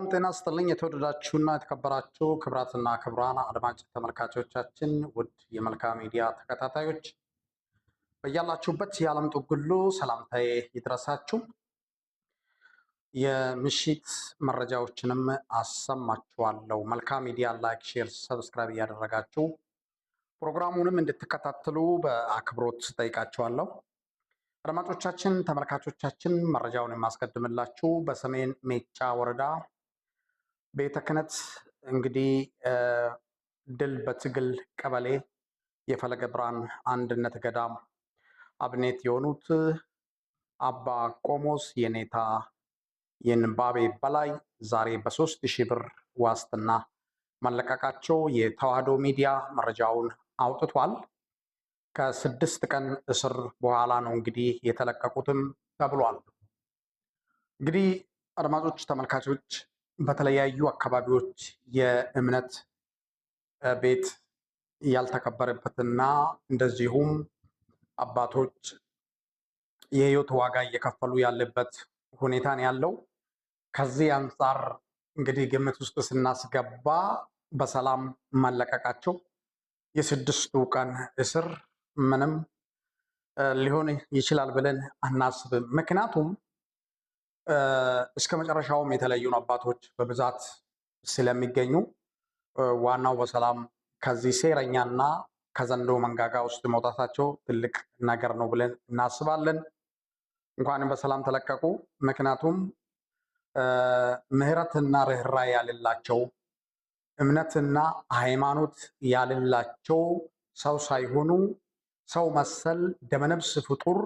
ሰላም ጤና ስጥልኝ። የተወደዳችሁና የተከበራችሁ ክብራትና ክብራን አድማጭ ተመልካቾቻችን፣ ውድ የመልካ ሚዲያ ተከታታዮች በያላችሁበት የዓለም ጥግ ሰላምታዬ ይድረሳችሁ። የምሽት መረጃዎችንም አሰማችኋለሁ። መልካም ሚዲያ ላይክ፣ ሼር፣ ሰብስክራይብ እያደረጋችሁ ፕሮግራሙንም እንድትከታተሉ በአክብሮት ጠይቃችኋለሁ። አድማጮቻችን፣ ተመልካቾቻችን መረጃውን የማስቀድምላችሁ በሰሜን ሜጫ ወረዳ ቤተ ክህነት እንግዲህ ድል በትግል ቀበሌ የፈለገ ብርሃን አንድነት ገዳም አብኔት የሆኑት አባ ቆሞስ የኔታ የንባቤ በላይ ዛሬ በሶስት ሺህ ብር ዋስትና መለቀቃቸው የተዋህዶ ሚዲያ መረጃውን አውጥቷል። ከስድስት ቀን እስር በኋላ ነው እንግዲህ የተለቀቁትም ተብሏል። እንግዲህ አድማጮች፣ ተመልካቾች በተለያዩ አካባቢዎች የእምነት ቤት ያልተከበረበትና እንደዚሁም አባቶች የህይወት ዋጋ እየከፈሉ ያለበት ሁኔታ ነው ያለው። ከዚህ አንጻር እንግዲህ ግምት ውስጥ ስናስገባ በሰላም መለቀቃቸው የስድስቱ ቀን እስር ምንም ሊሆን ይችላል ብለን አናስብም። ምክንያቱም እስከ መጨረሻውም የተለዩን አባቶች በብዛት ስለሚገኙ ዋናው በሰላም ከዚህ ሴረኛና ከዘንዶ መንጋጋ ውስጥ መውጣታቸው ትልቅ ነገር ነው ብለን እናስባለን። እንኳንም በሰላም ተለቀቁ። ምክንያቱም ምሕረትና ርኅራኄ ያሌላቸው እምነትና ሃይማኖት ያሌላቸው ሰው ሳይሆኑ ሰው መሰል ደመነብስ ፍጡር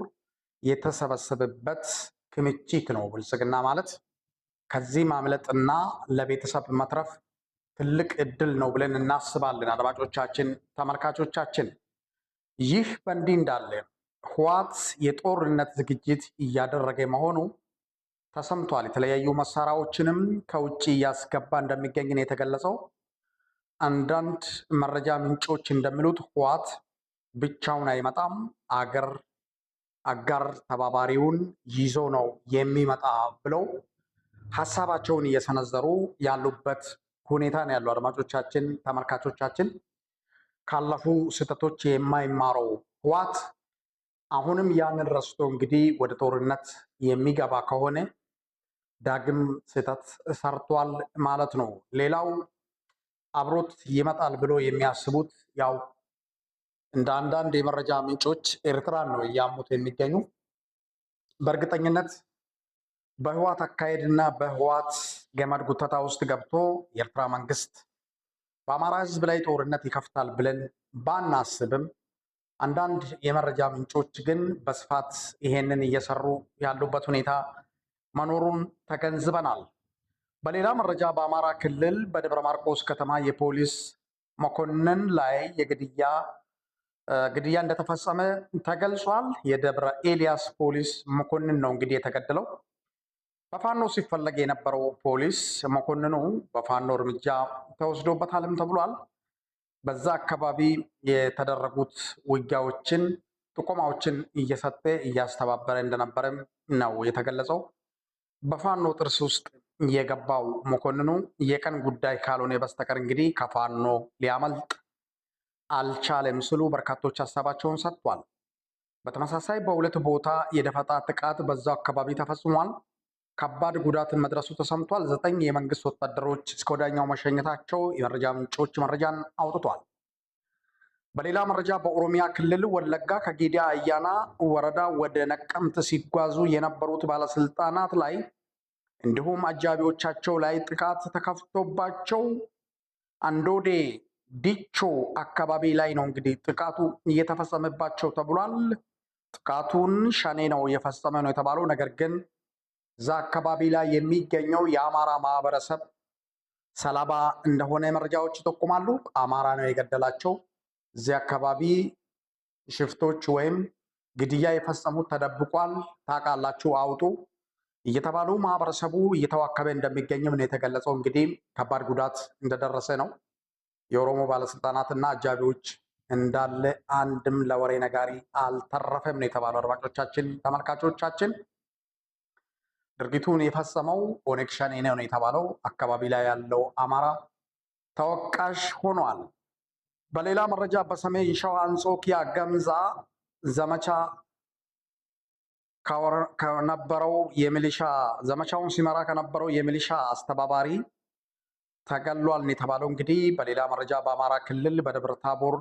የተሰበሰበበት ክምችት ነው። ብልጽግና ማለት ከዚህ ማምለጥና ለቤተሰብ መትረፍ ትልቅ እድል ነው ብለን እናስባለን። አድማጮቻችን፣ ተመልካቾቻችን ይህ በእንዲህ እንዳለ ህዋት የጦርነት ዝግጅት እያደረገ መሆኑ ተሰምቷል። የተለያዩ መሳሪያዎችንም ከውጭ እያስገባ እንደሚገኝ ነው የተገለጸው። አንዳንድ መረጃ ምንጮች እንደሚሉት ህዋት ብቻውን አይመጣም፣ አገር አጋር ተባባሪውን ይዞ ነው የሚመጣ ብለው ሀሳባቸውን እየሰነዘሩ ያሉበት ሁኔታ ነው ያሉ። አድማጮቻችን፣ ተመልካቾቻችን ካለፉ ስህተቶች የማይማረው ህዋት አሁንም ያንን ረስቶ እንግዲህ ወደ ጦርነት የሚገባ ከሆነ ዳግም ስህተት ሰርቷል ማለት ነው። ሌላው አብሮት ይመጣል ብሎ የሚያስቡት ያው እንደ አንዳንድ የመረጃ ምንጮች ኤርትራን ነው እያሙት የሚገኙ። በእርግጠኝነት በህዋት አካሄድ እና በህዋት ገመድ ጉተታ ውስጥ ገብቶ የኤርትራ መንግስት በአማራ ህዝብ ላይ ጦርነት ይከፍታል ብለን ባናስብም አንዳንድ የመረጃ ምንጮች ግን በስፋት ይሄንን እየሰሩ ያሉበት ሁኔታ መኖሩን ተገንዝበናል። በሌላ መረጃ በአማራ ክልል በደብረ ማርቆስ ከተማ የፖሊስ መኮንን ላይ የግድያ ግድያ እንደተፈጸመ ተገልጿል። የደብረ ኤልያስ ፖሊስ መኮንን ነው እንግዲህ የተገደለው። በፋኖ ሲፈለግ የነበረው ፖሊስ መኮንኑ በፋኖ እርምጃ ተወስዶበታልም ተብሏል። በዛ አካባቢ የተደረጉት ውጊያዎችን ጥቆማዎችን እየሰጠ እያስተባበረ እንደነበረም ነው የተገለጸው። በፋኖ ጥርስ ውስጥ የገባው መኮንኑ የቀን ጉዳይ ካልሆነ በስተቀር እንግዲህ ከፋኖ ሊያመልጥ አልቻለም ስሉ በርካቶች ሀሳባቸውን ሰጥቷል። በተመሳሳይ በሁለት ቦታ የደፈጣ ጥቃት በዛው አካባቢ ተፈጽሟል። ከባድ ጉዳት መድረሱ ተሰምቷል። ዘጠኝ የመንግስት ወታደሮች እስከ ወዳኛው መሸኘታቸው የመረጃ ምንጮች መረጃን አውጥቷል። በሌላ መረጃ በኦሮሚያ ክልል ወለጋ ከጌዲያ አያና ወረዳ ወደ ነቀምት ሲጓዙ የነበሩት ባለስልጣናት ላይ እንዲሁም አጃቢዎቻቸው ላይ ጥቃት ተከፍቶባቸው አንዶዴ ዲቾ አካባቢ ላይ ነው እንግዲህ ጥቃቱ እየተፈጸመባቸው ተብሏል። ጥቃቱን ሸኔ ነው የፈጸመ ነው የተባለው። ነገር ግን እዛ አካባቢ ላይ የሚገኘው የአማራ ማህበረሰብ ሰላባ እንደሆነ መረጃዎች ይጠቁማሉ። አማራ ነው የገደላቸው። እዚህ አካባቢ ሽፍቶች ወይም ግድያ የፈጸሙት ተደብቋል፣ ታውቃላችሁ፣ አውጡ እየተባሉ ማህበረሰቡ እየተዋከበ እንደሚገኝም ነው የተገለጸው። እንግዲህ ከባድ ጉዳት እንደደረሰ ነው የኦሮሞ ባለስልጣናትና አጃቢዎች እንዳለ አንድም ለወሬ ነጋሪ አልተረፈም ነው የተባለው። አድማጮቻችን፣ ተመልካቾቻችን ድርጊቱን የፈጸመው ኦነግ ሸኔ ነው የተባለው አካባቢ ላይ ያለው አማራ ተወቃሽ ሆኗል። በሌላ መረጃ በሰሜን ሸዋ አንጾኪያ ገምዛ ዘመቻ ከነበረው የሚሊሻ ዘመቻውን ሲመራ ከነበረው የሚሊሻ አስተባባሪ ተገሏል የተባለው እንግዲህ በሌላ መረጃ በአማራ ክልል በደብረ ታቦር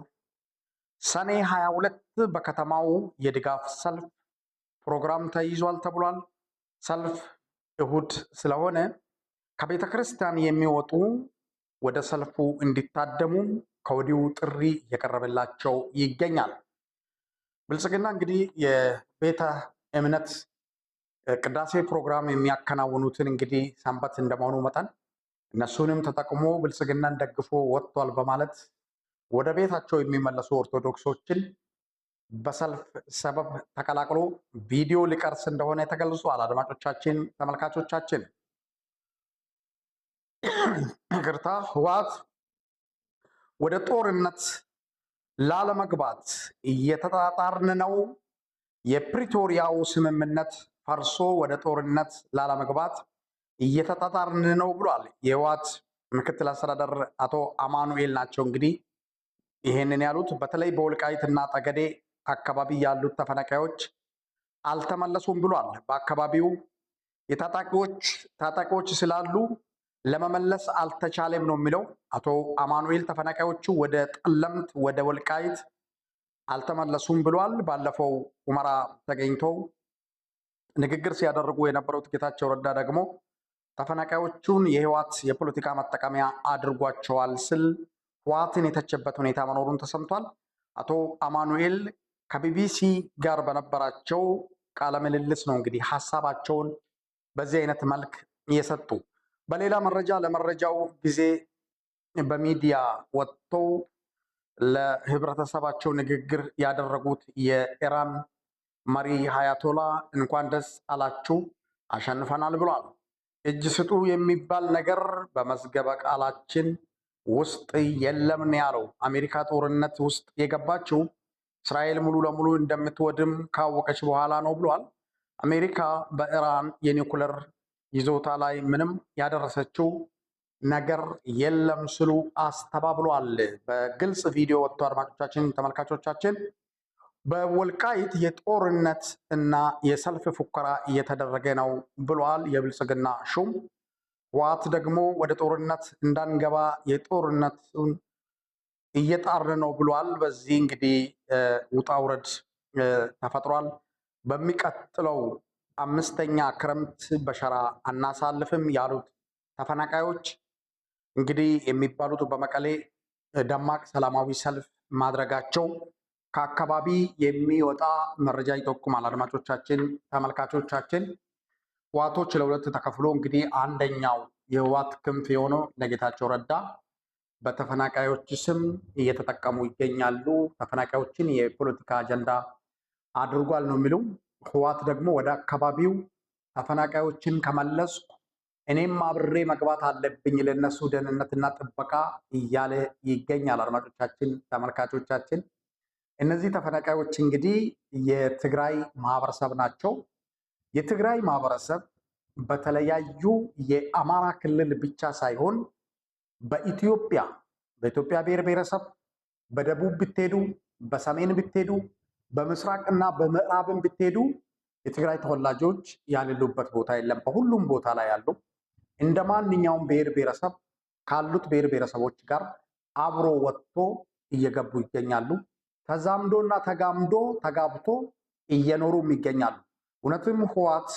ሰኔ 22 በከተማው የድጋፍ ሰልፍ ፕሮግራም ተይዟል ተብሏል። ሰልፍ እሁድ ስለሆነ ከቤተ ክርስቲያን የሚወጡ ወደ ሰልፉ እንዲታደሙ ከወዲሁ ጥሪ እየቀረበላቸው ይገኛል። ብልጽግና እንግዲህ የቤተ እምነት ቅዳሴ ፕሮግራም የሚያከናውኑትን እንግዲህ ሰንበት እንደመሆኑ መጠን እነሱንም ተጠቅሞ ብልጽግናን ደግፎ ወጥቷል በማለት ወደ ቤታቸው የሚመለሱ ኦርቶዶክሶችን በሰልፍ ሰበብ ተቀላቅሎ ቪዲዮ ሊቀርስ እንደሆነ ተገልጿል። አድማጮቻችን፣ ተመልካቾቻችን ይቅርታ። ህወሓት ወደ ጦርነት ላለመግባት እየተጣጣርን ነው። የፕሪቶሪያው ስምምነት ፈርሶ ወደ ጦርነት ላለመግባት እየተጣጣርን ነው ብሏል። የህወሓት ምክትል አስተዳደር አቶ አማኑኤል ናቸው እንግዲህ ይሄንን ያሉት በተለይ በወልቃይት እና ጠገዴ አካባቢ ያሉት ተፈናቃዮች አልተመለሱም ብሏል። በአካባቢው የታጣቂዎች ታጣቂዎች ስላሉ ለመመለስ አልተቻለም ነው የሚለው አቶ አማኑኤል። ተፈናቃዮቹ ወደ ጠለምት፣ ወደ ወልቃይት አልተመለሱም ብሏል። ባለፈው ሁመራ ተገኝተው ንግግር ሲያደርጉ የነበሩት ጌታቸው ረዳ ደግሞ ተፈናቃዮቹን የህወሓት የፖለቲካ መጠቀሚያ አድርጓቸዋል ስል ህወሓትን የተቸበት ሁኔታ መኖሩን ተሰምቷል። አቶ አማኑኤል ከቢቢሲ ጋር በነበራቸው ቃለ ምልልስ ነው እንግዲህ ሀሳባቸውን በዚህ አይነት መልክ እየሰጡ በሌላ መረጃ ለመረጃው ጊዜ በሚዲያ ወጥተው ለህብረተሰባቸው ንግግር ያደረጉት የኢራን መሪ ሀያቶላ እንኳን ደስ አላችሁ አሸንፈናል ብሏል። እጅ ስጡ የሚባል ነገር በመዝገበ ቃላችን ውስጥ የለም ያለው። አሜሪካ ጦርነት ውስጥ የገባችው እስራኤል ሙሉ ለሙሉ እንደምትወድም ካወቀች በኋላ ነው ብሏል። አሜሪካ በኢራን የኒውክለር ይዞታ ላይ ምንም ያደረሰችው ነገር የለም ስሉ አስተባብሏል። በግልጽ ቪዲዮ ወጥቶ አድማጮቻችን፣ ተመልካቾቻችን በወልቃይት የጦርነት እና የሰልፍ ፉከራ እየተደረገ ነው ብሏል የብልጽግና ሹም። ህወሓት ደግሞ ወደ ጦርነት እንዳንገባ የጦርነቱን እየጣር ነው ብሏል። በዚህ እንግዲህ ውጣ ውረድ ተፈጥሯል። በሚቀጥለው አምስተኛ ክረምት በሸራ አናሳልፍም ያሉት ተፈናቃዮች እንግዲህ የሚባሉት በመቀሌ ደማቅ ሰላማዊ ሰልፍ ማድረጋቸው ከአካባቢ የሚወጣ መረጃ ይጠቁማል። አድማጮቻችን፣ ተመልካቾቻችን ዋቶች ለሁለት ተከፍሎ እንግዲህ አንደኛው የህዋት ክንፍ የሆነው ለጌታቸው ረዳ በተፈናቃዮች ስም እየተጠቀሙ ይገኛሉ። ተፈናቃዮችን የፖለቲካ አጀንዳ አድርጓል ነው የሚሉ ህዋት ደግሞ ወደ አካባቢው ተፈናቃዮችን ከመለስኩ እኔም አብሬ መግባት አለብኝ ለነሱ ደህንነትና ጥበቃ እያለ ይገኛል። አድማጮቻችን ተመልካቾቻችን እነዚህ ተፈናቃዮች እንግዲህ የትግራይ ማህበረሰብ ናቸው። የትግራይ ማህበረሰብ በተለያዩ የአማራ ክልል ብቻ ሳይሆን በኢትዮጵያ በኢትዮጵያ ብሔር ብሔረሰብ በደቡብ ብትሄዱ፣ በሰሜን ብትሄዱ፣ በምስራቅ እና በምዕራብን ብትሄዱ የትግራይ ተወላጆች ያሌሉበት ቦታ የለም። በሁሉም ቦታ ላይ ያሉ እንደ ማንኛውም ብሔር ብሔረሰብ ካሉት ብሔር ብሔረሰቦች ጋር አብሮ ወጥቶ እየገቡ ይገኛሉ። ተዛምዶና ተጋምዶ ተጋብቶ እየኖሩም ይገኛሉ። እውነትም ህወሓት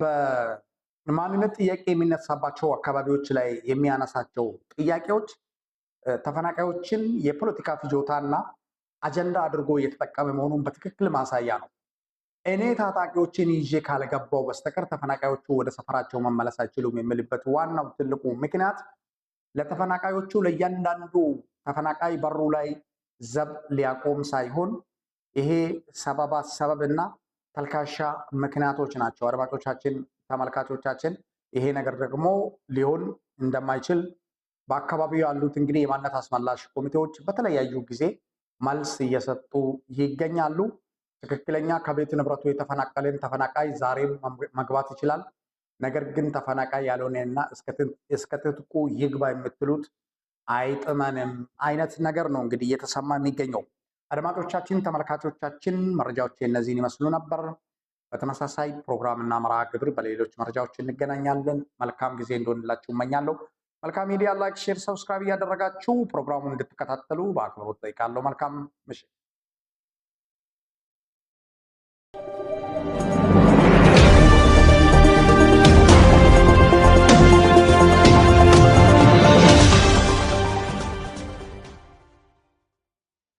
በማንነት ጥያቄ የሚነሳባቸው አካባቢዎች ላይ የሚያነሳቸው ጥያቄዎች ተፈናቃዮችን የፖለቲካ ፍጆታና አጀንዳ አድርጎ እየተጠቀመ መሆኑን በትክክል ማሳያ ነው። እኔ ታጣቂዎችን ይዤ ካልገባው በስተቀር ተፈናቃዮቹ ወደ ሰፈራቸው መመለስ አይችሉም የሚልበት ዋናው ትልቁ ምክንያት ለተፈናቃዮቹ ለእያንዳንዱ ተፈናቃይ በሩ ላይ ዘብ ሊያቆም ሳይሆን ይሄ ሰበባ ሰበብና ተልካሻ ምክንያቶች ናቸው። አድማጮቻችን፣ ተመልካቾቻችን ይሄ ነገር ደግሞ ሊሆን እንደማይችል በአካባቢው ያሉት እንግዲህ የማንነት አስመላሽ ኮሚቴዎች በተለያዩ ጊዜ መልስ እየሰጡ ይገኛሉ። ትክክለኛ ከቤት ንብረቱ የተፈናቀለን ተፈናቃይ ዛሬም መግባት ይችላል። ነገር ግን ተፈናቃይ ያልሆነና እስከ ትጥቁ ይግባ የምትሉት አይጥመንም አይነት ነገር ነው እንግዲህ እየተሰማ የሚገኘው። አድማጮቻችን፣ ተመልካቾቻችን መረጃዎች እነዚህን ይመስሉ ነበር። በተመሳሳይ ፕሮግራምና መርሃ ግብር በሌሎች መረጃዎች እንገናኛለን። መልካም ጊዜ እንደሆንላችሁ እመኛለሁ። መልካም ሚዲያ ላይክ፣ ሼር፣ ሰብስክራይብ እያደረጋችሁ ፕሮግራሙን እንድትከታተሉ በአክብሮት ጠይቃለሁ። መልካም ምሽት።